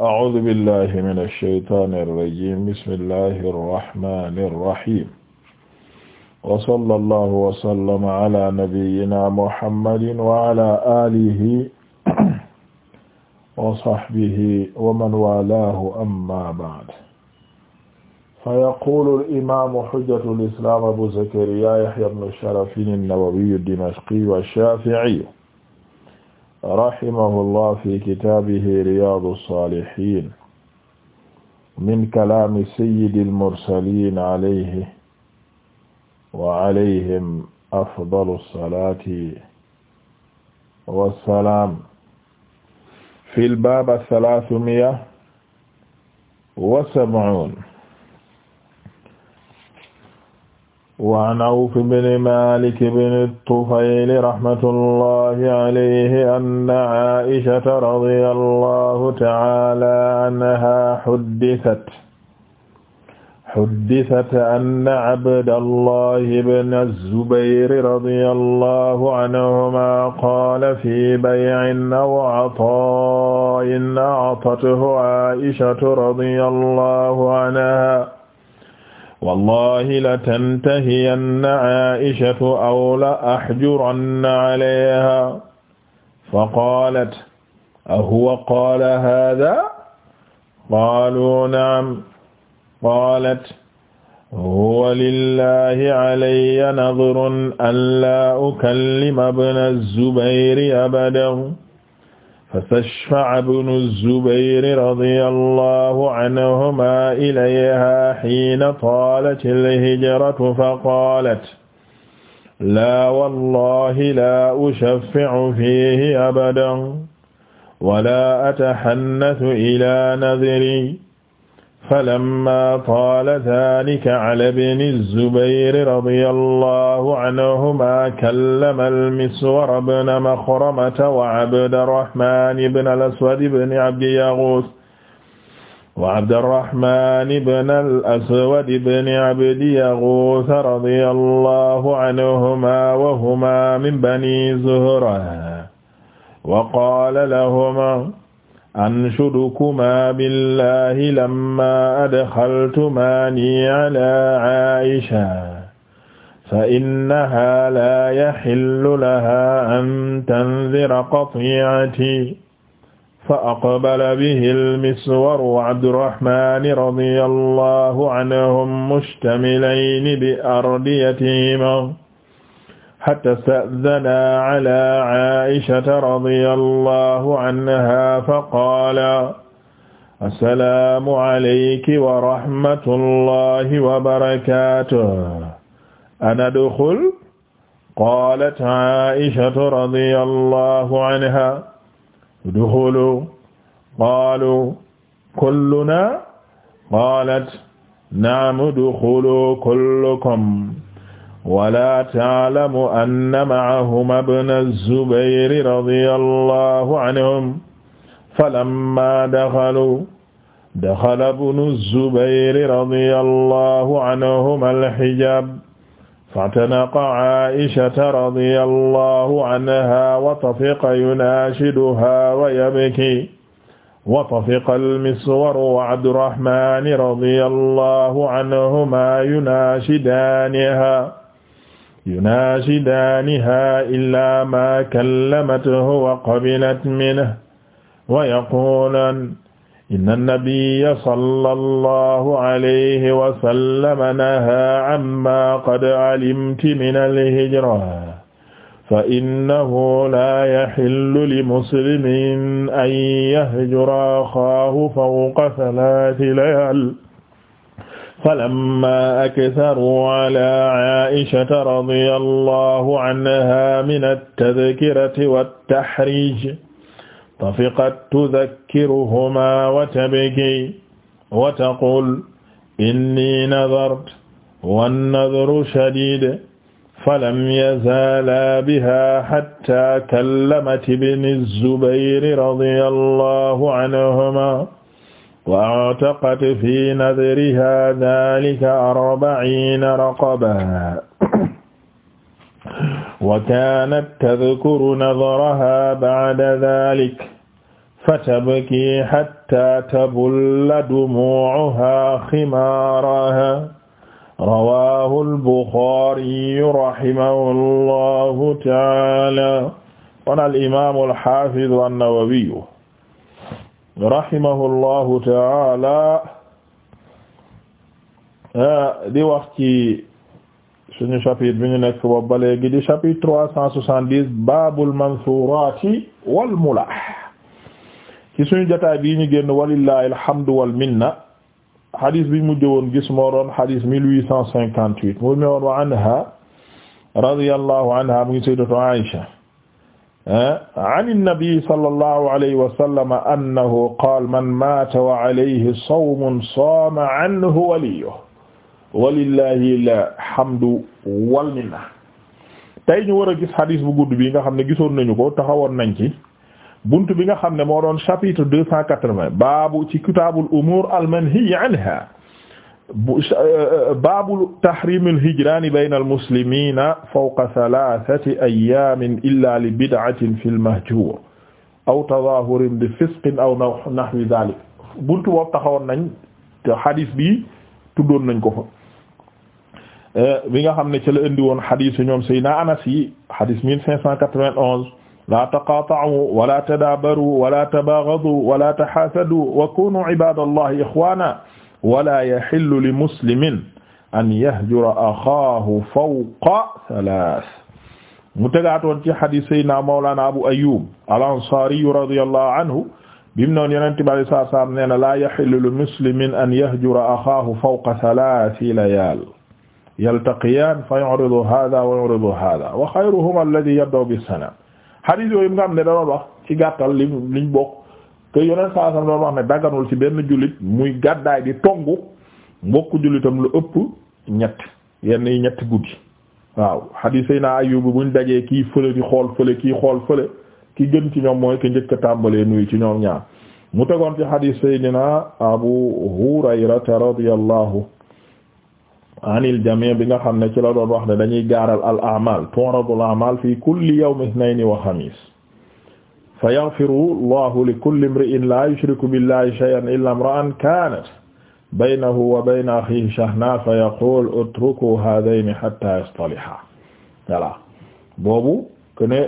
أعوذ بالله من الشيطان الرجيم بسم الله الرحمن الرحيم وصلى الله وسلم على نبينا محمد وعلى آله وصحبه ومن والاه أما بعد فيقول الإمام حجة الإسلام أبو زكريا يحيى بن شرف النووي الدمشقي والشافعي rahimahullah fi kitaabihi riyaadu saalihiin min kalaami sayyidil mursaliin alayhi wa alayhim afdalu salaati wa salaam. fil baab salaasumiya wa sab'uun waan awf bni malik bni tufayli rahmatullahi alayhi anna aishata radiyallahu ta'ala anha huddisat huddisat anna abdallahi bna zubayr radiyallahu anhuma qaala fi bay'in aw ataa'in a'tathu aishatu radiyallahu anha wallahi la tantahiyanna aishatu aw la ahjuranna alayha fa qalat ahuwa qaala hada qaaluu naam qalat huwa lillahi alayya nadrun an laa ukallima ibna zubayri abadan فاستشفع ابن الزبير رضي الله عنهما إليها حين طالت الهجرة فقالت لا والله لا أشفع فيه أبدا ولا أتحنث إلى نذري falamma taala daalika ala bni zubayri radiyallahu anhumaa kallama al-Miswar bna Maxramata wa Abdarrahmaan ibn al-Aswad ibn Abdi Yaghuus wa Abdarrahmaan ibn al-Aswad ibn Abdi Yaghuus radiyallahu anhumaa wa humaa min bani Zuhra wa qaala lahumaa anshudukuma billahi lamma adxaltumani ala Aisha fa innaha la yaxillu laha an tandira qati'ati fa aqbala bihi al-miswaru Abdurrahmaani radiyallahu anhum mushtamilayni bi ardiyatihima hatta sta'dana ala Aïshata radiyallahu anha faqaala assalaamu alayki wa rahmatullahi wa barakaatuh ana adxul qaalat Aïshatu radiyallahu anha udxulu qaalu kullunaa qaalat na'am udxulu kullukum wala taalamu anna ma'ahuma ibna zubayri radiyallahu anhum falamma daxalu daxala ibnu zubayri radiyallahu anhuma al-hijaab fatanaqa aa'ishata radiyallahu anha wa tafiqa yunaashiduhaa wa yabkii wa tafiqa al-miswaru wa abdurrahmaani radiyallahu anhumaa yunaashidaanihaa yunaashidaaniha illaa maa kallamathu wa qabilat minhu wa yaquulan inna nabiyya sallallahu alayhi wa sallama nahaa ammaa qad alimti minal hijra fa innahu laa yahillu li muslimin an yahjura axaahu fawqa salaasi layaal فلما أكثروا على عائشة رضي الله عنها من التذكرة والتحريج طفقت تذكرهما وتبكي وتقول إني نذرت والنذر شديد فلم يزالا بها حتى كلمت ابن الزبير رضي الله عنهما waataqat fi nadriha dalika arbaina raqaba wa kanat tadkuru nadraha bacda dalik fatabki hatta tabulla dumuuha ximaaraha rawahu albuxaariyu rahimahu allahu taala qaala alimamu alxafidu annawawiyu rahimahullahu taala di wax ci suñu chapitre bi ñu nekk boobu ba léegi di chapitre trois cent soixante-dix baabul mansuuraati wal mulah ci suñu jotaay bii ñu génn walillahi alhamdu wal minna xadis bi mu jëwoon gis moo doon xadis mille huit cent cinquante-huit mu ne woon wa anha radiyallahu anha mu ngi sayyidatu Aïsha an annabi sallallahu alayhi wa sallam annahu qaala man maata wa alayhi sawmun saama anhu waliyuhu walillahi alhamdu wal minna tey ñu war a gis hadis bu gudd bi nga xam ne gisoon nañu ko taxawoon nañ ci bunt bi nga xam ne moo doon chapitre deux cent quatre-vingts baabu ci kitaabul umuur al manhiyyi anhaa Eh, eh, eh, baabu tahrim al-hijraan bayna al-muslimiina fawqa salaasati ayyaamin illaa li bid'atin fil mahjuur aw tadaahurin bi fisqin aw nahwi zaalik buntu boobu taxawoon nañ te xadis bi tuddoon nañ ko fa bi nga xam ne ci la indi woon xadis ñoom Seydina Anas yi xadis 1591 laa taqaata'uu wa laa tadaabaruu wa laa tabaagadu wa laa tahaasadu wa kuunuu ibaadallaahi ixwaanan wala yaxillu li muslimin an yahjura axaahu fawqa salaas mu tegaatoon ci xadiis sayyidina mawlaana abu ayyub al-ansaari radiyallahu anhu bim noon yonent bi alayhi salaatu salaam nee na laa yaxillu li muslimin an yahjura axaahu fawqa salaasi layaal yaltaqiyaan fa yu'ridu haadaa wa yu'ridu haadaa wa xayruhumaa alladii yabda'u bis-salaam xadiis yooyu nga xam ne da doon wax ci gàttal liñ bokk que yeneen saa sam doon wax ne daganul ci benn jullit muy gàddaay di tongu mbokku jullitam lu ëpp ñett yenn yi ñetti guddi waaw xadiis yi naa Ayyub buñ dajee kii fële di xool fële kii xool fële ki gën ci ñoom mooy ki njëkk tàmbalee nuyu ci ñoom ñaar mu tegoon ci xadiis sayyidina Abu Hurayrata radiyallahu anil jamii bi nga xam ne ci la doon wax ne dañuy gaaral al amal turadul amal fi kulli yawmi ithnayn wa xamis fa yaghfiru llahu likulli imri'in la yushriku billahi shay'an illa imra'an kanat baynahu wa bayna akhihi shahna fa yaqul utruku hadayni hatta yastaliha voilà boobu que ne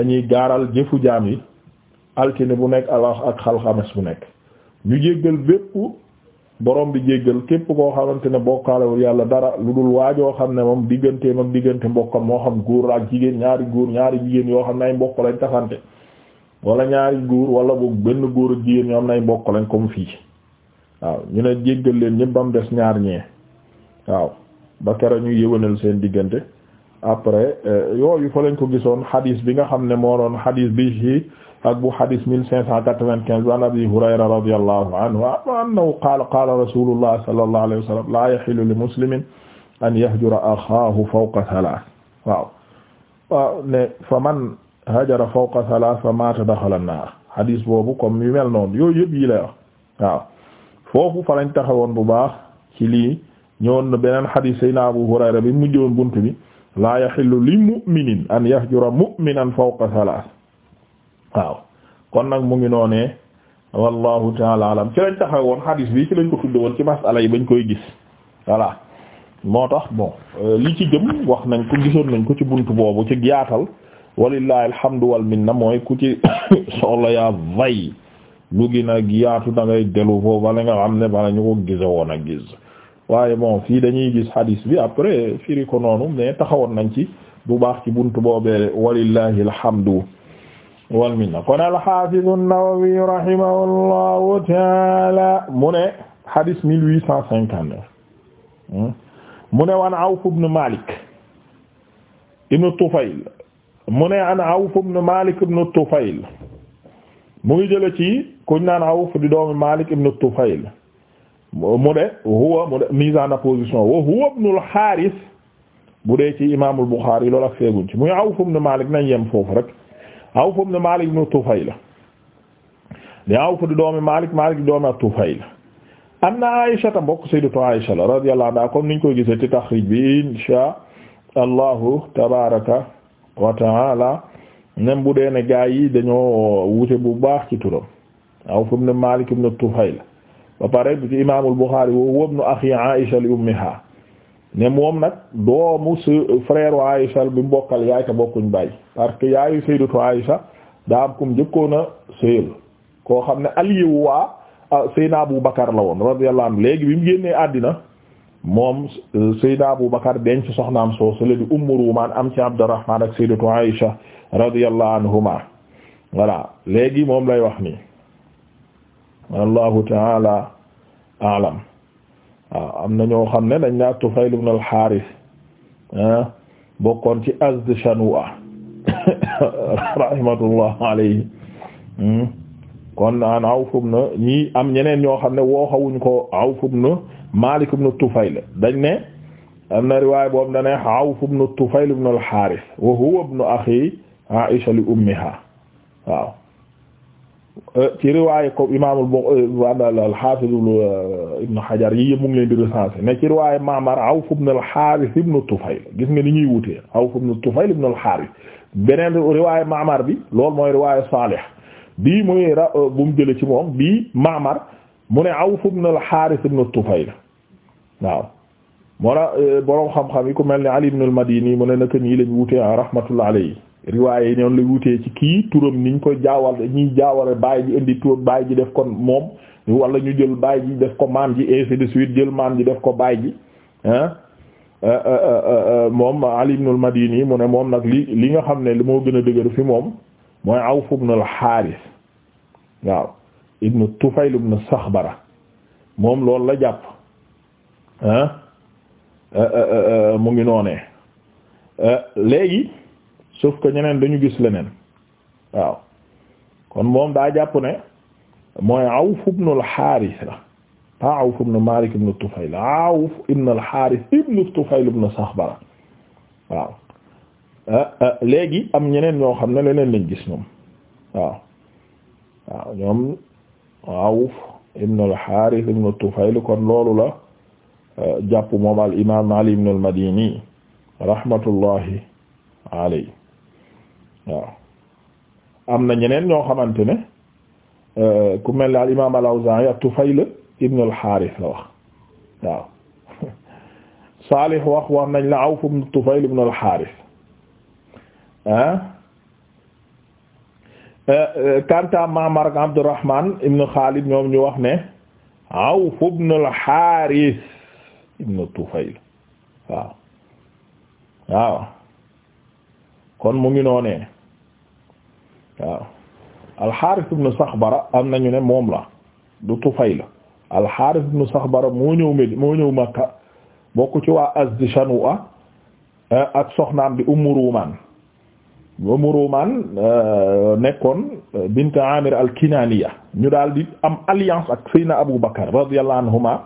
dañuy gaaral jëfu jaam yi altine bu nekk ala ak xalxames bu nekk ñu jéggal bépp borom bi jéggal képp koo xamante ne bokkaalewul yàlla dara lu dul waajoo xam ne moom digganteem moom diggante mbokkam moo xam góor ak jigéen ñaari góor ñaari jigéen yoo xam ne ay mbokk lañ tasante wala ñaari góor wala boog benn góor ak jigéen ñoom nay bokk lañ comme fii waaw ñu ne jéggal leen ñëpp ba mu des ñaar ñee waaw ba kera ñu yëwanal seen diggante après euh, yooyu fa lañ ko gisoon xadis bi nga xam ne moo doon xadis bi ci ak bu xadis mille cinq cent quatre-vingt-quinze an abi hurayra radiyallahu anhu annahu qaala qaala rasulullah sallallahu alayhi wa sallam la yaxilu li muslimin an yahjura axaahu fawqa thalath waaw ne fa man hajara fawqa thalath fa mata daxala naar hadis boobu comme yu mel noonu yooyu yëpp yi lay wax waaw foofu fa lañ taxawoon bu baax ci lii ñëwoon na beneen hadis sayna Abu Hurayra bi mujjoon bunt bi laa yaxillu li mu'minin an yahjura mu'minan fawqa thalath waaw kon nag mu ngi noonee wallahu taala alam ci lañ taxawoon hadis bi ci lañ ko tudde woon ci masala yi bañ koy gis voilà moo tax bon euh, li ci jëm wax nañ ko gisoon nañ ko ci bunt boobu ci walillahi alhamdu wal minna mooy ku ci soxla yaa vay lu gi nag yaatu da ngay delu foofu wala nga xam ne bala ñu ko gise woon a gis waaye bon fii dañuy gis hadis bi après firi ko noonu mais taxawoon nañ ci bu baax ci buntu boobee walillahi alhamdu wal minna kon al-Hafiz an-Nawawi rahimahullahu taala mu ne hadis hmm? mu ne wan Awf ibn Malik ibn Tufayl mu ne an Awf ibn Malik ibn Tufayl mu ngi jële ci kuñ naan Awf di doomi Malik ibn Tufayl mu de huwa mu de mise en opposition wa huwa ibn al-Harith bu dee ci imaamul Bukhari loolu ak seeguñ ci muy Awf ibn Malik nañ yem foofu rek Awf ibn Malik ibn Tufayl di Awf di doomi Malik Malik di doomi Tufayl anna Aïsha ta mbokk sayyidatu Aïsha la radiyallahu anha comme niñ koy gisee ci taxrij bi insha Allahu tabaraka wa ta'ala nem bu dee ne gaa yi dañoo wute bu baax ci turam aw fu mu ne Maalik ibn Tufayl ba pare bi ci imaamul Buxaari woowu wobnu axi Aisha li ummiha ne moom nag doomu su frère Aisha bi mbokkal yaay ta bokkuñ baay parce que yaayu sayyidatu Aisha daa am kum jëkkoona sëyal koo xam ne aliyewu waa ah, Seydina Abu Bakar la woon radiyallahu anhu léegi bi mu génnee àddina moom euh, Seydina Abu Bakar denc soxnaam soo sele di Ummu Rumaan am ci Abdurrahmaan ak Sayyidatu Aïsha radiyallahu anhuma voilà léegi moom lay wax nii wallahu taala alam am na ñoo xam ne dañ naa Tufayl ibn al-Haaris ah, bokkoon ci Azd Shanwa rahmatullah alayhi hmm. kon an Awf ibn ñi am ñeneen ñoo xam ne woo xawuñ ko Awf ibn Malik ibn Tufayl dañ ne am na riwaay boobu dañ ne Awf ibn Tufayl wa huwa ibn akhi Aisha li ummiha waaw ci riwaay ko Hajar yi yëpp mu ngi leen di recenser mais ci riwaay Ma'mar Awf ibn al-Harith ibn gis nga ni ñuy wutee Awf ibn Tufayl ibn al beneen riwaay Ma'mar bi loolu mooy riwaay Salih bii muy ra euh, bu mu jëlee ci moom bii Maamar mu ne Awf ibn al-Haaris ibn Tufayl waaw moo la euh, boroom xam-xam yi ku mel ni Ali ibn al-Madini mu ne naka nii lañ wutee ah rahmatullah alayhi riwaay yi ñoom ci kii turam niñ koy jaawal ñuy jaawale baay ji indi tur baay ji def ko moom wala ñu jël baay ji def ko maam ji ainsi de suite jël def ko baay ji ah. euh, moom Ali ibn al-Madini mu nag li li nga xam ne li moo gën a dëgër fi moom. mooy Awf ibn al-Haaris waaw ibn Tufayl ibn Saxbara moom loolu la jàpp euh, euh, euh, mu ngi noonee léegi sauf ko ñeneen dañu gis leneen waaw kon moom daa jàpp ne mooy Awf ibn al-Haaris la pas Awf ibn Maalik ibn Tufayl Awf ibn al-Haaris ibn Tufayl Saxbara waaw Ah, ah, léegi am ñeneen ñoo xam ne leneen lañ gis ñoom waaw ñoom Awf ibn al-Harith ibn kon loolu la eh, jàpp moom al imam Ali ibn al-Madini rahmatullahi alayhi am na ñeneen ñoo xamante ne eh, ku mel ne al imam al-Awza'i at-Tufayl ibn al-Harith la wax waaw Salih wax wax nañ la Awf ibn Tufayl ibn al-Harith ah euh, kanta euh, Ma'mar Abdurrahman ibn Khalid ñoom ñu wax ne Awf ibn al ibn Tufayl waaw waaw kon mu ngi noonee waaw al ibn Sakhbara am nañu ne moom la du Tufayl al-Harith ibn Sakhbara moo ñëw Médine moo ñëw Makka bokk ci waa Azdishanu'a eh, ak soxnaam bi Ummu Rumaan ba murumaan euh, nekkoon euh, bint amir al ñu daal di am alliance ak Seydina Abu Bakar radiyallahu anhuma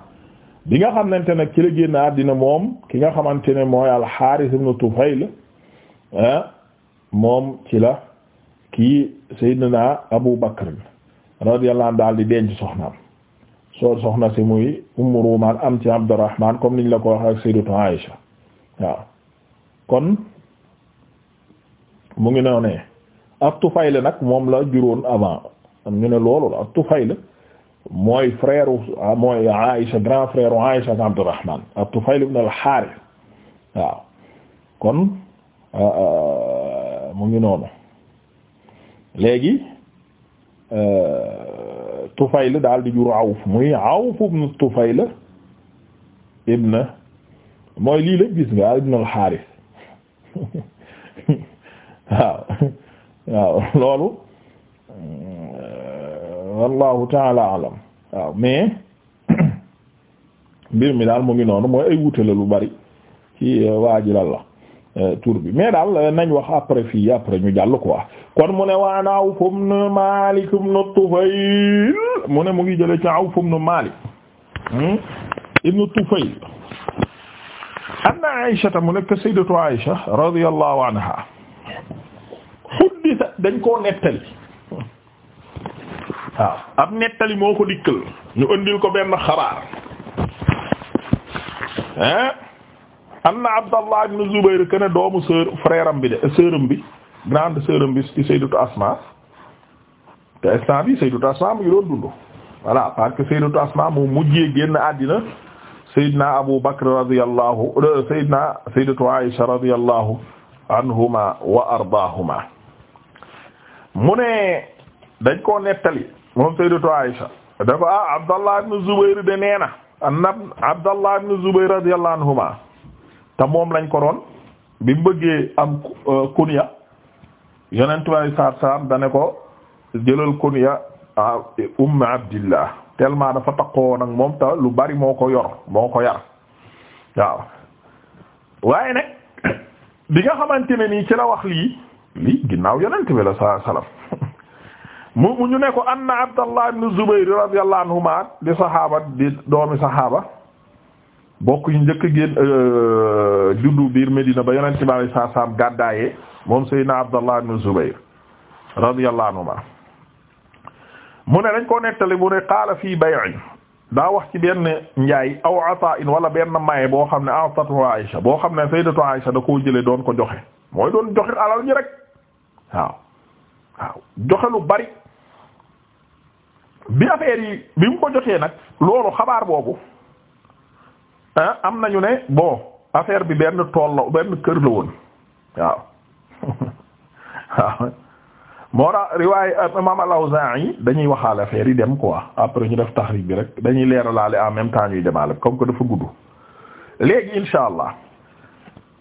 bi nga xamante ne ci la génn àddina moom ki nga xamante ne mooy al-Haaris ibn Tufayl moom ci la kii Seydina Abu Bakar radiyallahu daal di denc soxnaam soo soxna si muy Ummu Rumaan am ci Abdurrahmaan comme niñ la ko waxee ak Sayyidatu Aïsha kon mu ngi noonu ne ak Tufayl nag moom la juróon avant ñu ne loolu la ak Tufayl mooy frère ah, mooy Aïcha grand frère u Aïcha Abdurrahman ak Tufayl ibn al-Harith waaw kon ah, ah, mu ngi noonu léegi euh, Tufayl daal di jur Awf muy Awf ibn Tufayl ibn mooy lii lépp gis nga ibn al-Harith waaw waaw loolu euh, wallahu taala alam waaw mais mbir mi daal mu ngi noonu mooy ay wuute la lu bari ci euh, waa ji lan la euh, tur bi mais daal nañ wax après fii après ñu jàll quoi kon mu ne waan Awf ibn Malik ibn Tufayl mu ne mu ngi jële ci Awf ibn Malik hmm, ibn Tufayl anna Aïsha mu nekk sayyidatu Aïsha radiyallahu anha dañ koo nettali waaw ab nettali moo ko dikkal ñu andil ko benn xabaar hein anna Abdallah ibn Zubayr kana doomu sœur frère de sœur am bi grande sœur am te instant bi Sayyidatu Asma mu ngi doon dund voilà parce que Sayyidatu mu mujjee génn àddina Sayyidina Abu Bakr radiyallahu euh, Sayyidina Sayyidatu Aisha anhuma wa ardaahuma mu ne dañ koo nettali moom sayyidatu Aisha da ko ah Abdallah ibn Zubayr de nee na annab Abdallah ibn Zubayr radiyallahu moom lañ ko doon bi mbëggee am euh, kunya yonentu Yàlla sallallahu alayhi wasallam da ne ko jëlal kunya ah, Umm Abdillah tellement dafa takkoo nag moom te lu bari moo ko yor moo ko yar waaw waaye nag bi nga nii ci la wax lii lii ginnaaw yonent bi la sa salam mu mu ñu ne ko anna abdallah ibn zubayr radiyallahu anhuma di saxaaba di doomi saxaaba bokk ñu njëkk génn euh, juddu biir Medina ba yonent bi alay sa salam gàddaaye moom seydina abdallah ibn zubayr radiyallahu anhuma mu ne dañ koo nettali mu ne qaala fii bay'in daa wax ci benn njaay aw ata in wala benn maye boo xam ne atatu Aïsha boo xam ne sayyidatu Aïsha da koo jële doon ko joxe mooy doon joxe alal ji rek waaw waaw joxe lu bari bi affaire yi bi mu ko jotee nag loolu xabaar boobu ah, am nañu ne bon affaire bi benn tool la benn kër la woon waaw waaw moo tax riwaay euh, imam al-Awzaa'i dañuy waxaale affaire yi dem quoi après ñu def taxrij bi rek dañuy leeralaale en même temps ñuy demaale comme que dafa gudd léegi insha allah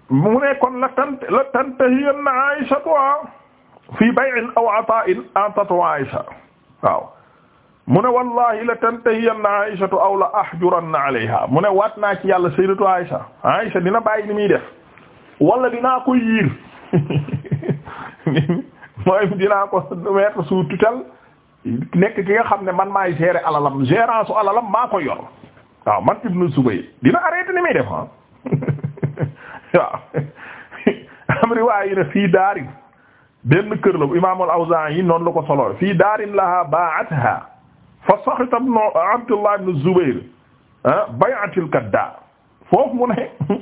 mu ne kon la tant la tantahiyanna Aysha quoi fii bay'in aw ata'in atatu Aisha waaw mu ne wallahi la tantahiyanna Aishatu aw la ahjuranna alayha mu ne waat naa ci yàlla sayyidatu Aisha Aisha dina bàyyi ni muy def wala dinaa ko yiir mooy dinaa ko nekk ki nga xam ne man maay gérer alalam gérance alalam maa ko yor waaw man Ibnu Zubayr dina arrêté ni muy def ah. am riwaaya yi ne fii benn kër la bu imaamul Awzaa'i noonu la ko solo fii daarin lahaa baa'athaa fa ah, foofu mu ne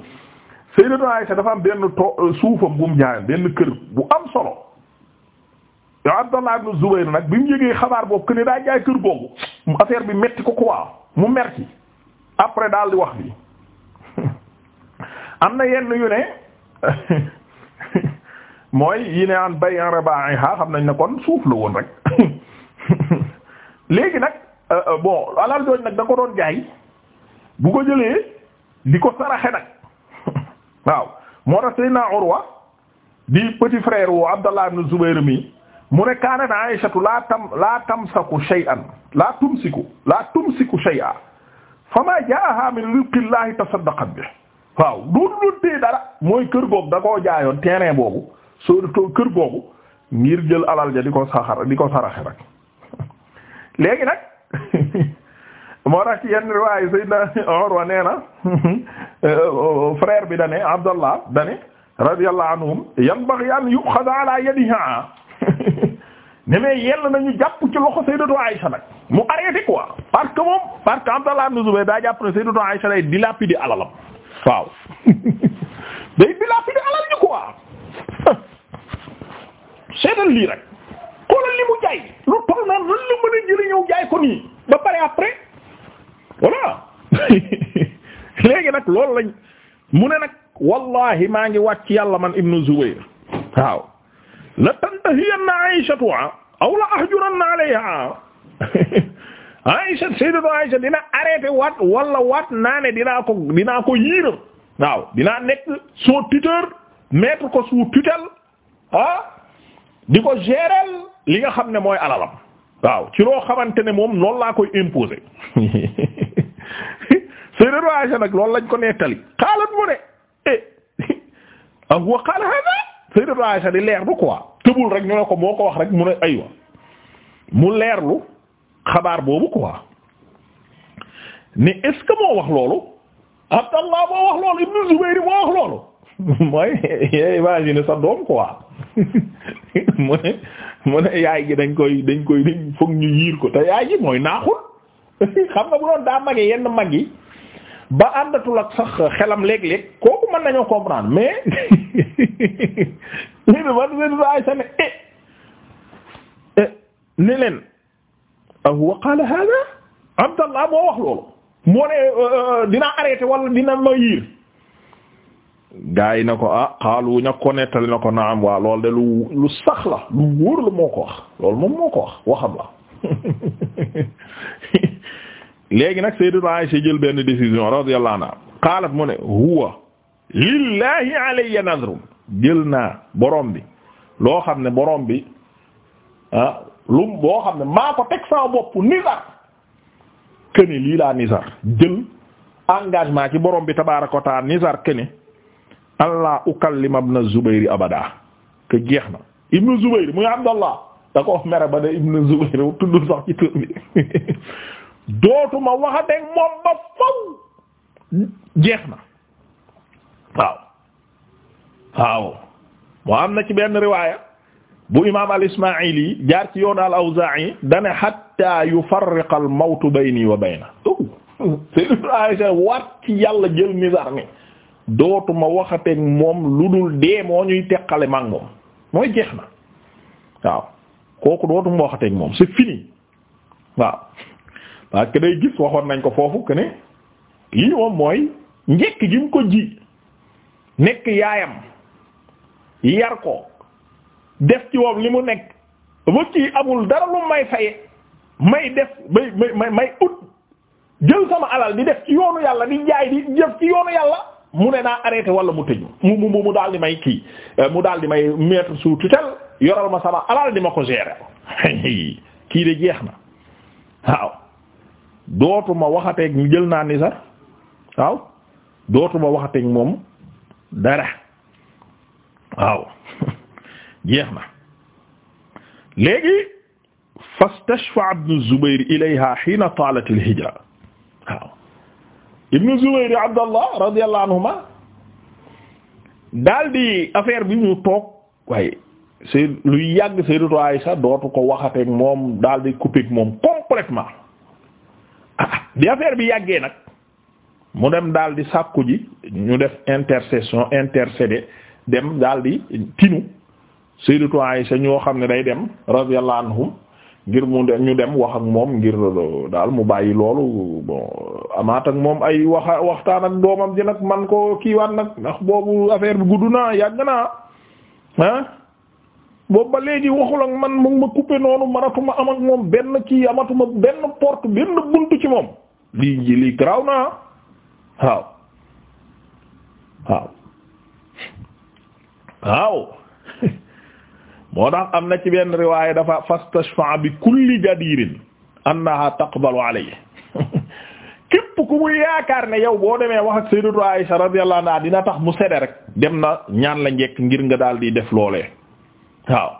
Sayyidatu Aysa dafa am euh, bu am solo yow Abdullah ibnu Zubayr nag bi mu yëgee xabaar boobu daa jaay kër googu affaire bi metti ko quoi mu merti après daal di wax bi am na yenn yu ne. mooy yi ne an bay rabaiha xam nañ ne kon suuf la rek léegi nag euh, euh, bon alal jooju nag da ko doon jaay ko jëlee di ko saraxe nag waaw moo tax Seydina Urwa di petit frère wu Abdallah ibn Zubayr mu ne kaanat Aïshatu laa tam laa tamsaku shay'an laa tumsiku laa tumsiku shay'a famaa jaaha min rizqillahi tasaddaqat bi waaw dootu doon téye dara mooy kër googu da koo jaayoon terrain boobu soo kër googu ngir jël alal ja di ko saxar di ko saraxe rek léegi nag moo tax ci yenn riwaayu Seydina Urwa nee na frère bi dane Abdallah dane radiyallahu anhum yanbaghi an yu'khadha ala yadiha ne mais yell nañu jàpp ci loxo Sayyidatu Aïcha nag mu arrêté quoi parce moom parce que Abdallah ibn Zubayr daa jàpp ne Sayyidatu di day dilapider alalam waaw day dilapider alal ñu quoi seetal lii rek xoolal lu nag loolu lañ mu ne nag wallahi maa ngi wàcc yàlla man ibnu Zubayr waaw la tantahiyanna Aysatu ah. aw la ahjuranna alayha Aysat ah. sayyidatu Aysat dina arrêté waat wala waat naa ne dinaa ko dinaa ko yiiram waaw dinaa nekk son tuteur mettre ko sous tutelle ah di ko gérer li nga xam ne mooy alalam waaw ci loo xamante ne moom loolu laa koy imposer Sayyidatu Aisha nag loolu lañ ko nettali xaalat mu ne eh ak ah, wa qaala hada Sayyidatu Aisha di leerlu quoi tëbul rek ñu ne ko moo ko wax rek mu ne aywa mu leerlu xabaar boobu quoi mais est-ce que moo wax loolu Abdallah moo wax loolu Ibn Zubayr moo wax loolu mooy yee imagine sa doom quoi mu ne mu ne yaay gi dañ koy dañ koy dañ foog ñu yiir ko te yaay gi mooy naaxul xam nga bu doon daa magee yenn mag yi ba àndatul ak sax xelam léeg-léeg kooku mën nañoo comprendre mais li eh, eh, ne ne eh ni leen huwa qaala hada Abdallah moo wax loolu moo ne euh, euh, dinaa arrêté wala dina ma yiir gaa yi na ko ah wu ña ko nettali na ko naam waa lool de lu sax la lu wóor la moo ko wax loolu moom moo ko wax waxam la léegi nag Sayyidatu Aisha jël benn décision radiyallahu anha qaalat mu ne huwa lillahi alayya nadrum jël naa borom bi loo xam ne borom bi ah lu boo xam ne maa ko teg sama bopp nizar këni lii laa nizar jël engagement ci borom bi tabaaraka wa ta'aala nizar këni allah ukallima ibn zubayr abada ke jeex muy abdallah da mere ba ne ibn zubayr tudd sax ci tur dootuma waxate moom ba faw jeex na waaw am na ci benn bu imaam al ismaili jaar ci yoon al awzaa'i dane hatta yufarriqa al mawtu bayni wa bayna o c'est Aisha waat ci yàlla jël nizar dootuma waxateeg moom lu dul dee moo ñuy teqale mag moom mooy jeex na waaw kooku dootuma waxateeg moom c'est fini waaw parce que day gis waxoon nañ ko foofu que ne lii moom mooy njekk gi mu ko ji nekk yaayam yar ko def ci moom li mu nekk ba kii amul dara lu may faye may def may may may ut jël sama alal di def ci yoonu yàlla di jaay di jëf ci yoonu yàlla mu ne naa arrêté wala mu tëju mu mu mu daal di may kii euh, mu daal di may mettre sous tutelle yoral ma sama alal di ma ko gérer kii de jeex na waaw dootuma waxateeg jël naa ni sax waaw dootuma waxateeg moom dara waaw jeex na léegi fastashfa ibn Zubayr ilayha hina talat al hijra ibnu Zubayr di Abdallah radiyallahu anhuma daal di affaire bi ñu toog waaye c'est lu yàgg Sayyidatu Aïsha dootu ko waxateeg moom daal di coupé moom complètement di ah, ah, bi affaire bi yàggee nag mu dem daal di sàkku ji ñu def intercession intercéder dem daal di tinu Sayyidatu Aïsha ñoo xam ne day dem radiyallahu anhum ngir mu ñu dem wax ak moom ngir daal mu bàyyi loolu bon amaat ak moom ay waxa waxtaan ak doomam ji man koo kiiwaat nag ndax boobu affaire bi gudd naa yàgg naa ah boobu ba léegi waxul man mu ma coupé noonu maratuma am ak moom benn kii amatuma benn porte benn buntu ci moom lii ji lii garaaw naa waaw waaw waaw moo tax am na ci benn riwaaya dafa fastashfa bi kulli jadirin annaha taqbalu alayhi képp ku muy yaakaar ne yow boo demee wax ak sayyidatu Aisha radiyallahu anha dina tax mu sede rek dem na ñaan la njekk ngir nga daal di def loole waaw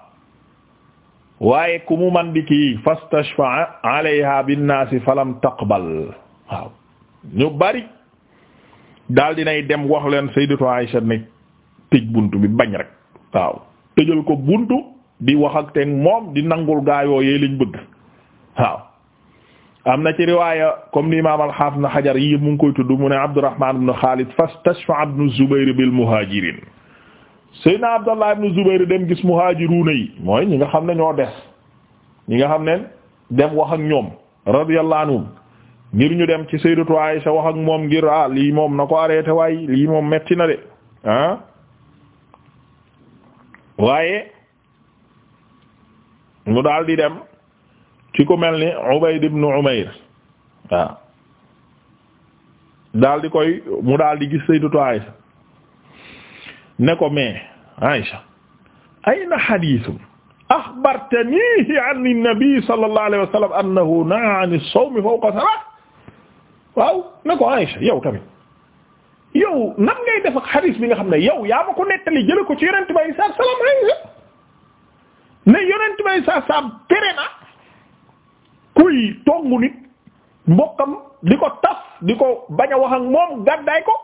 waaye ku mu man di kii fastashfa alayha binnaasi falam taqbal waaw ñu bari daal dinay dem wax leen sayyidatu Aisha ne tëj bunt bi bañ rek waaw tëjal ko buntu di wax ak teg moom di nangul gaayoo yee liñ bëgg waaw am na ci riwaaya comme ni imaam al na xajar yi mu ngi koy tudd mu ne Abdurrahman ibn Khalid fastashfa ibn Zubayr bil muhajirin Seydina Abdallah ibn Zubayr dem gis muhajiruna yi mooy ñi nga xam ne ñoo des ñi nga xam ne dem wax ak ñoom radiyallahu anhum ngir ñu dem ci Sayyidatu Aisha wax ak moom ngir ah lii moom na ko arrêté waay lii moom metti na de ah waaye mu daal di dem ci ku mel ni Ubayd ibn Umayr daal di koy mu daal di gis sayyidatu Aisha ne ko mais Aisha ayna hadithun akhbartanihi an an-nabi sallallahu alayhi wa sallam annahu naha an as-sawmi ko Aisha tamit yow nan ngay def ak xadiis bi nga xam ne yow yaa ma ko nettali jële ko ci yonent ba saa salaam rek ne yonent bay saa saam tere na kuy tongu nit mbokkam di ko tas di ko bañ a wax ak moom gàddaay ko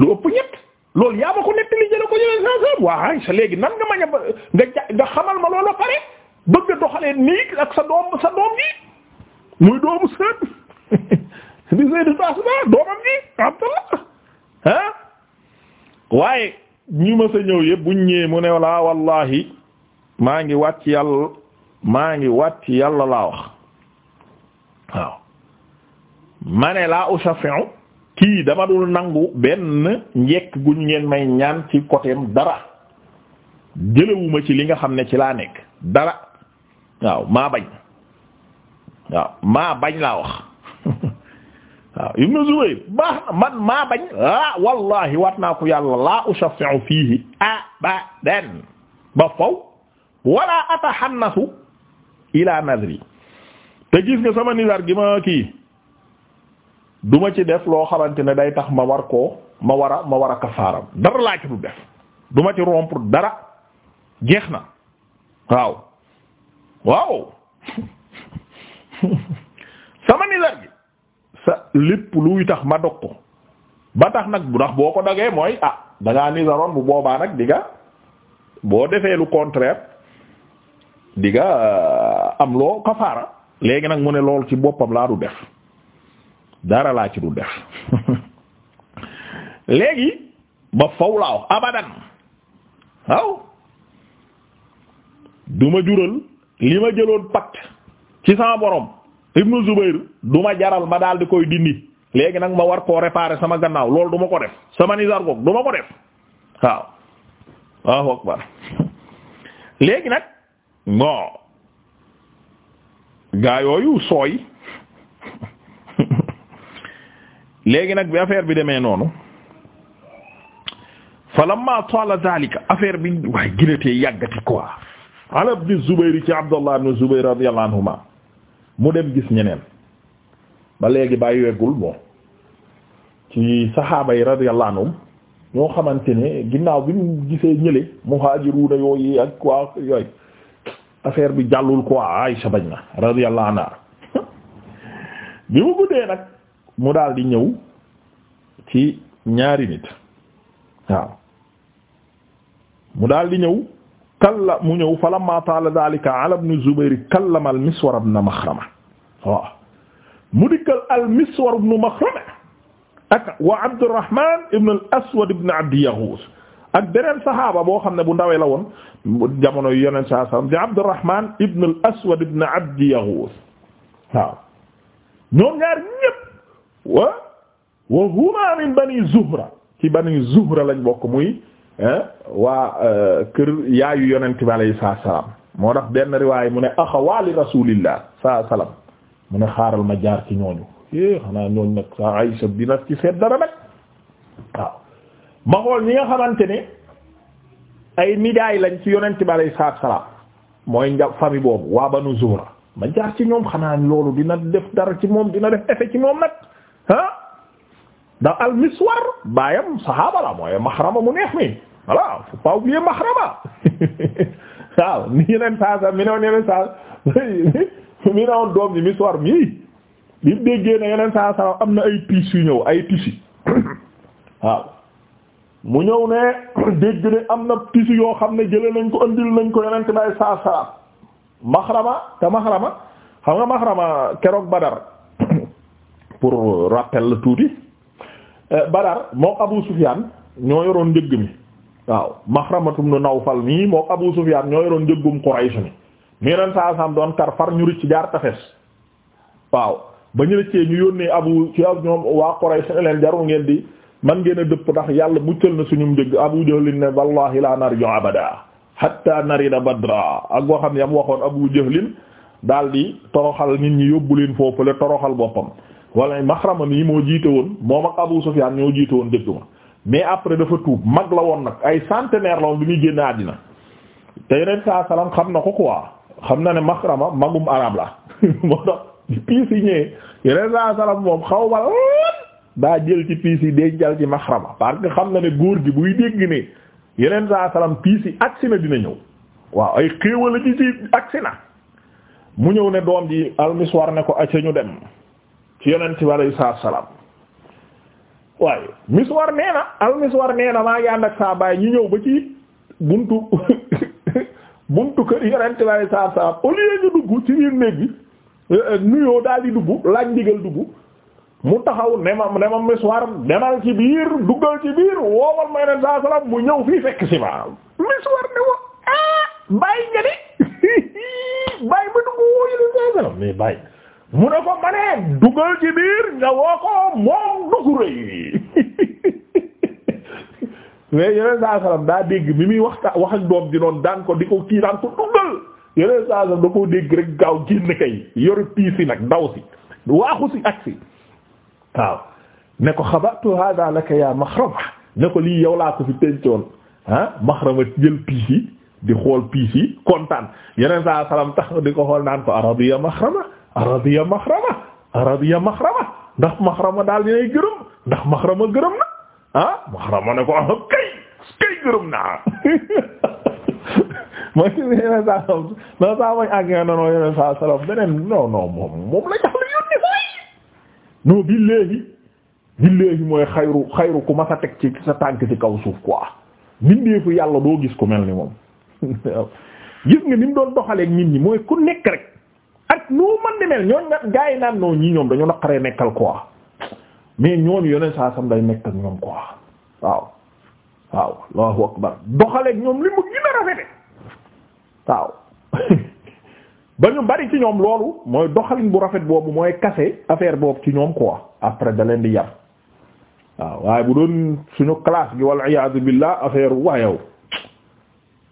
lu ëpp ñett loolu yaa ma ko nettali jële ko ci yonent saa saam sa léegi nan nga mañ a nga ja nga xamal ma loolu pare bëgg doxalee nii ak sa doom sa doom gi muy doomu sët di Sayyidatu Asmaa doomam ji Abdallah waaye ñi ma sa ñëw yëpp buñ ñëwee mu ne laa wallahi maa ngi wàcc yàlla maa ngi wàcc yàlla laa wax waaw ma ne laa ushafi'u kii dama dul nangu benn njekk guñ ngeen may ñaan ci côtéem dara jëlawuma ci li nga xam ne ci laa nekk dara waaw maa bañ waaw maa bañ laa wax waaw ibnu Zubayr baax na man maa bañ laa wallahi waat naa ko yàlla laa ushafi'u fiihi abadan ba faw wala atahannasu ila nadri te gis nga sama nizar gi ma kii duma ci def loo xamante ne day tax ma war koo ma war a ma war a kafaaram dara laa ci du def duma ci rompre dara jeex na waaw sa lépp luy tax ma dog ko ba tax nag bu ndax boo ko dagee mooy ah da ngaa nisaroon bu boobaa nag di nga boo defee lu contraire di nga euh, am loo kafaara léegi nag mu ne loolu ci boppam laa du def dara laa ci du def léegi ba fow laa wax abadan waaw du ma jural li ma jëloon pacte ci sama borom. ibnu Zubayr du ma jaral ma daal di koy dindi léegi nag ma war koo réparer sama gannaaw loolu du ma ko def sama nizar boog du ma ko def waaw waaw akbar léegi nag bon yooyu sooy léegi nag bi affaire bi demee noonu fa lamma tala zalika affaire bi waaye ginatee yàggati quoi ala ibn Zubayr ci Abdullah ibn Zubayr radiyallahu anhuma mu dem gis ñeneen ba léegi bàyyi weggul bon ci saxaaba yi radiyallahu anhum ñoo xamante ne ginnaaw bi mu gisee ñële muhaajiruuna yooyu ak quoi yooyu affaire bi jàllul quoi Aysa bañ na radiyallahu anha bi mu guddee nag mu daal di ñëw ci ñaari nit waaw mu daal di ñëw kalla mu ñëw falamma taala daalika ala ibn Zubayr kallama al-Miswar ibn Maxrama waaw mu dikkal al-Miswar ibn Maxrama ak wa Abdurrahman ibn al-Aswad ibn Abdi Yaghus ak beneen saxaaba boo xam ne bu ndawee la woon jamono yu yeneen saa salaam di Abdurrahman ibn al-Aswad ibn Abdi Yaghus waaw ñoom ñaar ñépp wa wa huma min bani Zuhra ci bani Zuhra lañ bokk muy. Eh? waa eh, kër yaayu yonent bi alayhi salaam moo tax benn riwaay mu ne axawaali rasulillah saa salaam mu ne xaaral ma jaar ci ñooñu eh xanaa ñooñu nag saa Aysa dina ci seet dara nag waaw ma xool ñi nga xamante ne ay nidaay lañ ci yonent bi alayhi salaam mooy nja famille boobu waa Banu Zuhra ma jaar ci ñoom xanaa loolu dina def dara ci moom dina def effet ci moom nag ah ndax al Miswar baayam saxaaba la mooy mahrama mu neex mi. voilà faut pas oublier mahrama waaw ni yeneen saa mi ne woon yeneen saasa mi ne woon doom ji mi mii bi déggee ne yeneen saasa am na ay tiis yu ñëw ay tiisi waaw mu ñëw ne dégg ne am na tiisi yoo xam ne jële nañ ko andil nañ ko yeneen bay saa salaam mahrama te mahrama xam nga mahrama keroog Badar pour rappel tuuti eh, Badar moom Abu Sufyaan ñoo yoroon njëgg mi waaw Maxramatu ibn Nawfal mii moom Abu Sufyaan ñoo yoroon njëggum Quraysh mi mi ren saa saam doon kar far ñu rëcc jaar tafes waaw ba ñu rëccee ñu yónnee abu ci ñoom waa Quraysh ne leen jarul ngeen di man ngeen dëpp ndax yàlla muccal na suñu njëgg Abu Jahlin ne wallahi laa narju abada hatta narida badra ak boo xam ne yam waxoon Abu jëlin daal di toroxal nit ñi yóbbu leen foofu la toroxal boppam wala Maxrama mii moo jiite woon moom ak Abu Sufyaan ñoo woon dëgg mais après dafa tuub mag la woon nag ay centenaire la woon bi muy génn àddina te yeneen saa salaam xam na ko quoi xam na ne Maxrama magum arab la moo tax piis yi ñëwee yeneen saa salaam moom xaw ma daa jël ci piis yi dencal ci Maxrama parce xam na ne góor gi buy dégg ne yeneen saa salaam piis yi agsi na dina ñëw waaw ay xéewal a ci ci agsi na mu ñëw ne doom ji almiswar ne ko acca ñu dem ci yeneen ci wàllu sa salaam. waaye miswar nee na al miswar nee maa ngi ànd ak saa baay ñu ñëw ba ci buntu buntu kër yorente bari saa saa au dugg ci biir néeg bi euh, euh, nuyoo daal di dugg laaj ndigal dugg mu taxaw ne ma ne ma miswar demal ci biir duggal ci biir woowal ma yeneen saa salaam mu ñëw fii fekk si ma miswar ne ko ah nga de bàyyi ma dugg woo yeneen saa salaam mais bàyyi mu ne ko manee dugal ci biir nga woo ko moom dugu mais yeneen saa salaam daa dégg bi muy waxta wax ak doom di noonu daan ko di ko kii daan ko dugal yeneen saa salaam da koo dégg rek gaaw génn kay yoru pii si nag daw si waaxu si ak si waaw ne ko xabatu hada laka ya ne ko lii yow laa ko fi tencoon ah maxrama jël piis yi di xool piis yi kontaan yeneen saa salaam tax di ko xool naan ko arabiya maxrama radiya maxrama radiya maxrama ndax maxrama daal dinay gërëm ndax maxrama gërëm na ah maxrama ne ko ah kay kay gërëm naa mooy yeneen saa salaam non saa mooy àggee na noo saa salaam beneen non non moom la jox la yónni fooy. non bi léegi mooy xayru xayru ku mas a teg ci sa tànk ci kaw suuf quoi bindeefu yàlla doo gis ku mel ni moom gis nga ni doon doxaleeg nit ñi mooy ku nekk rek. ak noo di mel ñooñ nga gaa yi naan noo ñii ñoom dañoo naqaree nekkal quoi mais ñooñu yeneen saa sam day nekk ak ñoom quoi waaw waaw allahu akbar doxaleek ñoom li mu gën rafete waaw ba ñu bari ci ñoom loolu mooy doxalin bu rafet boobu mooy kase affaire boobu ci ñoom quoi après da di yar waaw waaye bu doon suñu classe gi wal iyaadu billah affaire waayow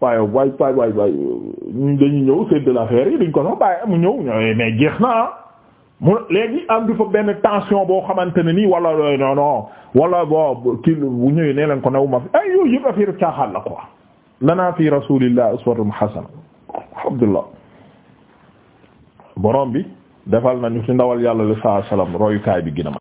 waaye waay waay waay waay ñu dañuy ñëw c'est de l'affaire yi duñ ko sax mu ñëw mais jeex na ah. mu léegi am du fa benn tension boo xamante ne nii wala euh, non non wala bo kii bu ñëwee nee leen ko new ma fi ay yooyu yëpp affaire caaxaan la quoi lanaa fi rasulillah uswatun hasana alhamdulillah borom bi defal nañu ci ndawal yàlla li saa salaam royukaay bi gën a